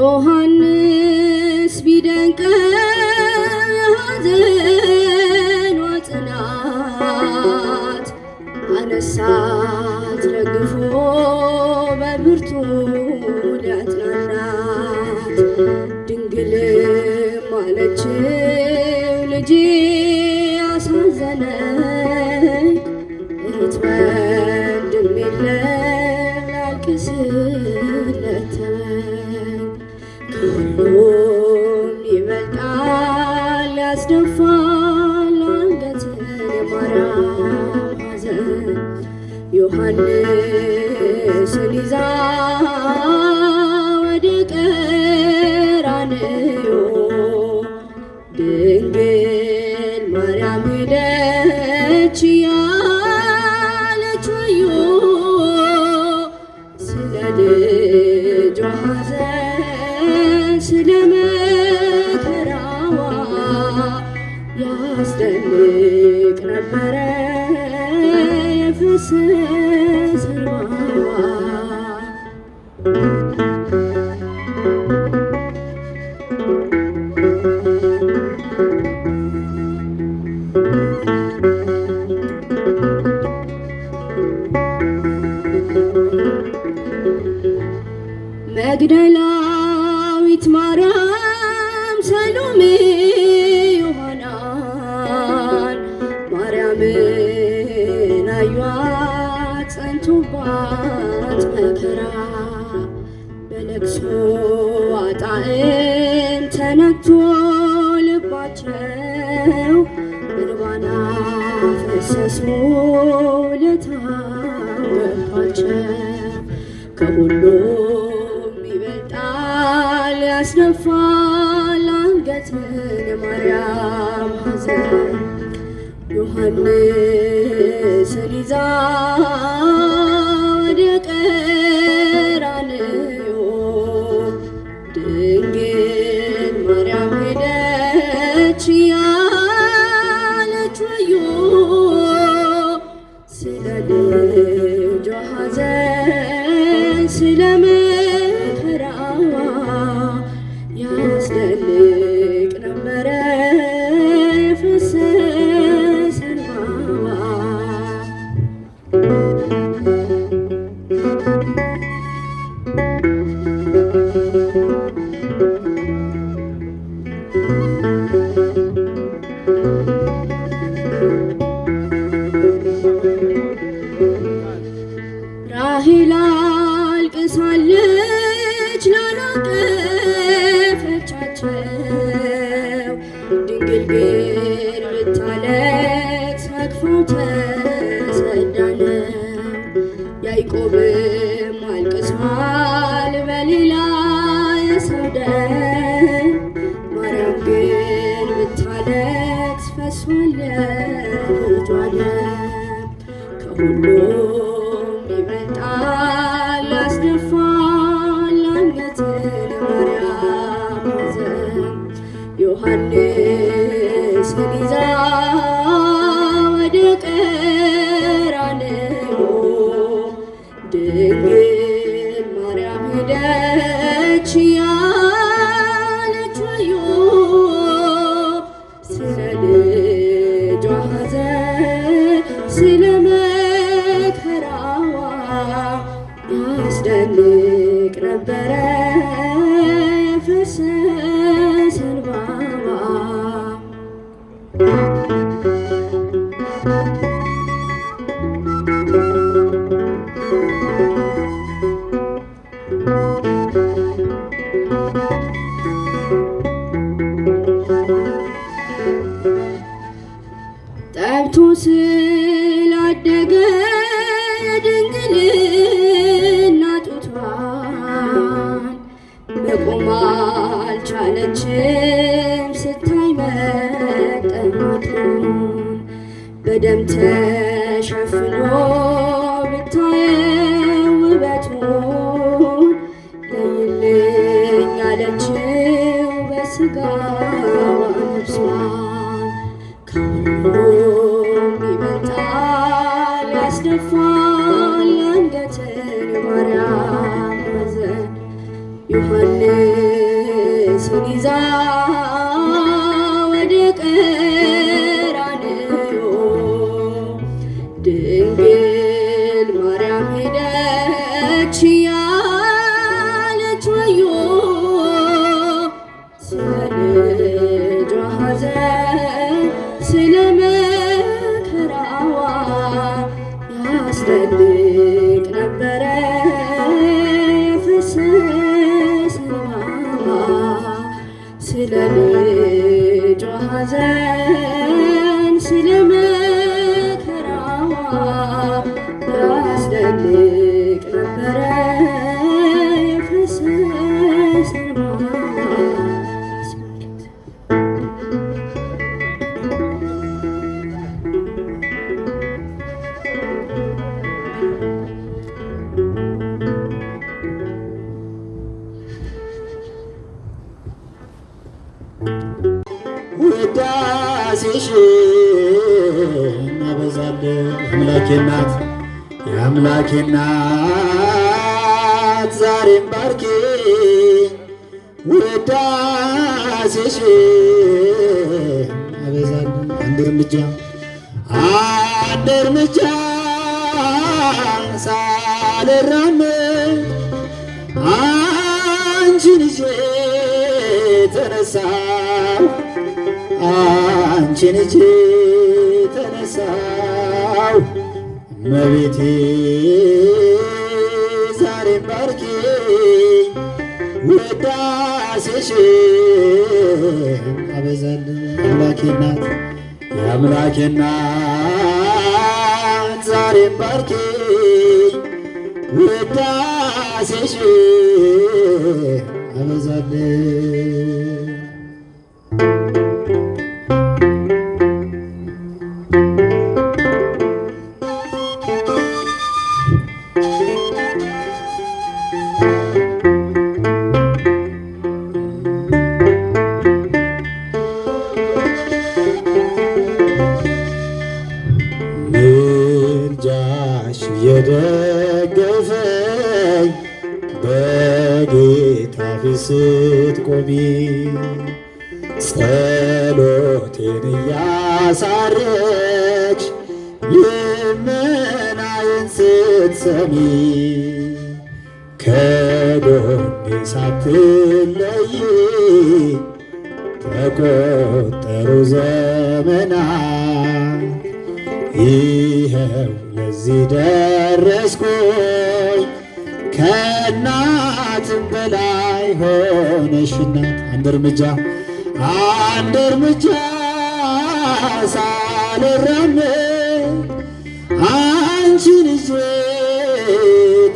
ዮሐንስ ቢደንቅ ሐዘኗ ጽናት አነሳት ረግፎ Honey, Elisabeth. ግን ተነክቶ ልባቸው እርባና ፈሰስ ሙልታቸው ከሁሉም ይበልጣል ያስደፋል አንገትን ማርያም ሐዘን ዮሐንስን ይዛ ላልቅሳለች ላላቀፈቻቸው ድንግል ግን ብታለቅስ አቅፎ ያዕቆብም አልቅሷል በሌላ የሰው ደም፣ ማርያም ግን ብታለቅስ ፈሷል ከሁሉ Your honey. Música ልጇ ሐዘን እናት ዛሬም ባርኪ ውዳሴሽ አበዛለሁ አንድ እርምጃ አንድ እርምጃ ሳልራመድ አንቺን ይዤ ተነሳሁ አንቺን ይዤ ተነሳሁ እመቤቴ ዛሬም ባርኪ ውዳሴሽን አበዛልን አምላኬ ናት የአምላኬ ናት ዛሬም ባርኪ ውዳሴሽን አበዛልን ስትሰሚ ከጎኔ ሳትለይ ተቆጠሩ ዘመናት ይኸው ለዚህ ደረስኩኝ ከእናትም በላይ ሆነሽ እናት አንድ እርምጃ አንድ እርምጃ ሳልራመድ አንቺን ይዤ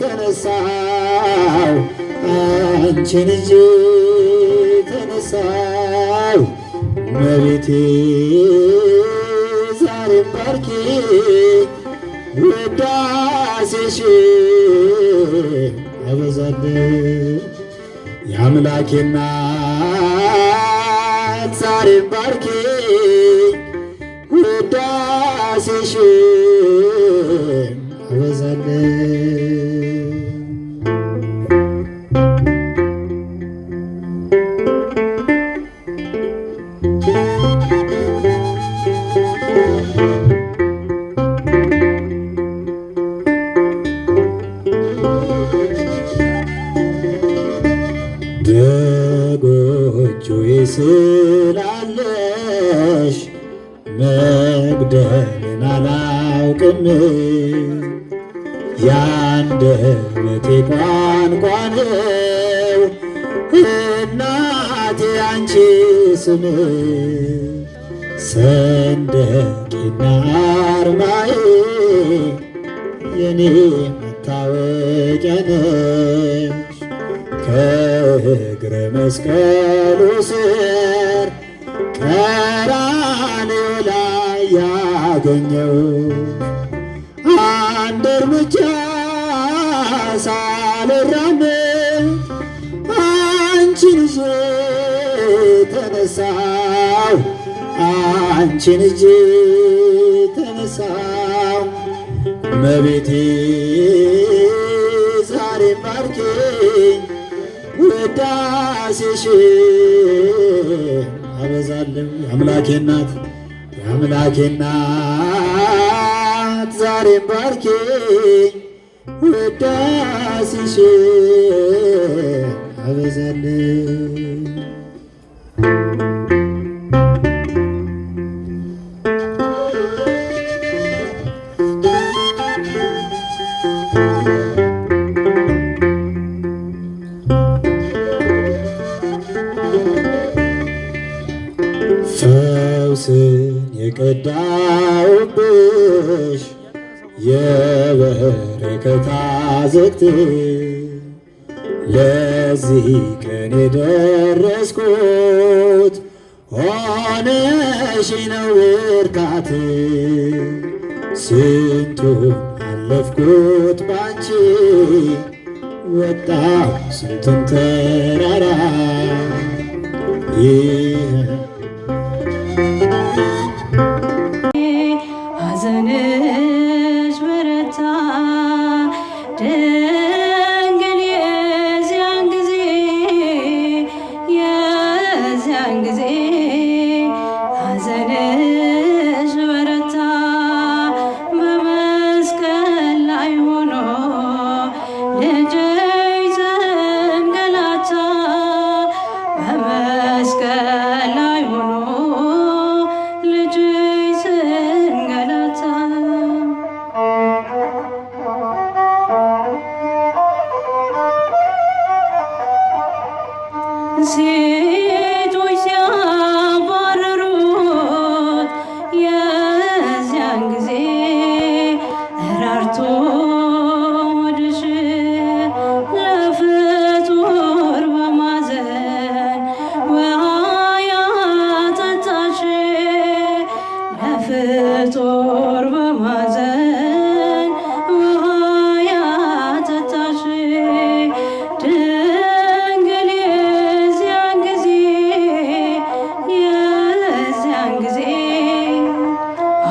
ተነሳው አንቺን ይዤ ተነሳው መቤቴ ዛሬ ባርኪ ውዳሴሽ አበዛለሁ የአምላኬ ዛሬ ባርኪ ውዳሴሽ የኔ መታወቂያ ነሽ ከእግረ መስቀሉ ስር ቀራንዮ ላይ ያገኘው አንድ እርምጃ ሳልራመድ አንቺን ይዤ ተነሳው አንቺን ይዤ ተነሳው እመቤቴ ዛሬ ባርኪኝ ውዳሴሽ አበዛለሁ የአምላኬ እናት የአምላኬ እናት ዛሬ ባርኪኝ ውዳሴሽ አበዛለሁ የቀዳውብሽ የበረከት አዘቅት ለዚህ ቀን የደረስኩት ሆነሽ ነው እርካት ስንቱን አለፍኩት ባንቺ ወጣ ስንቱን ተራራ ይህ did.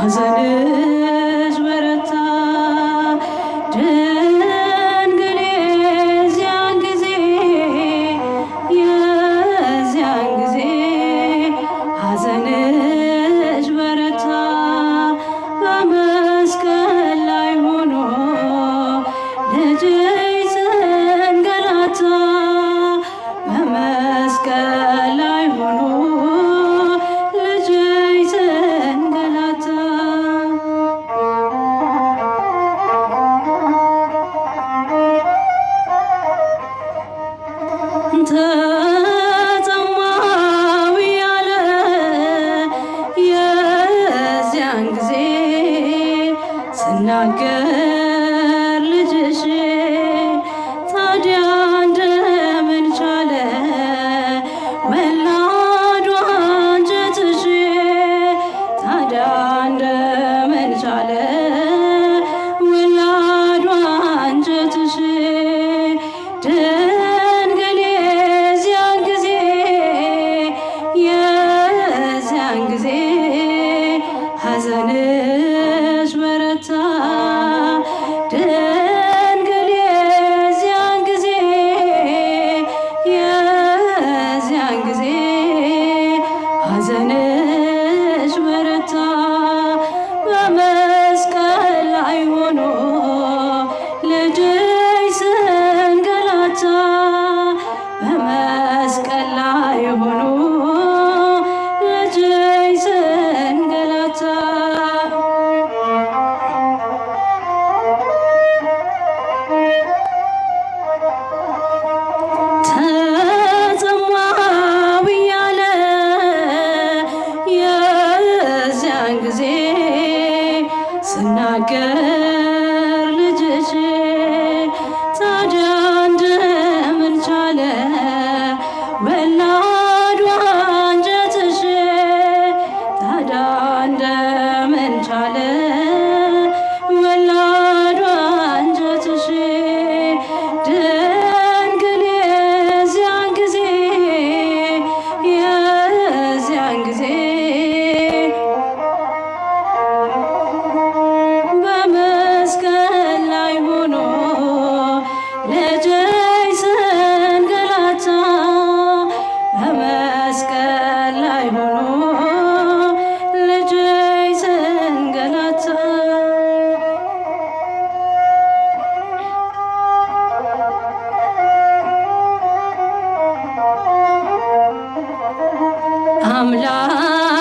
ሐዘን আমরা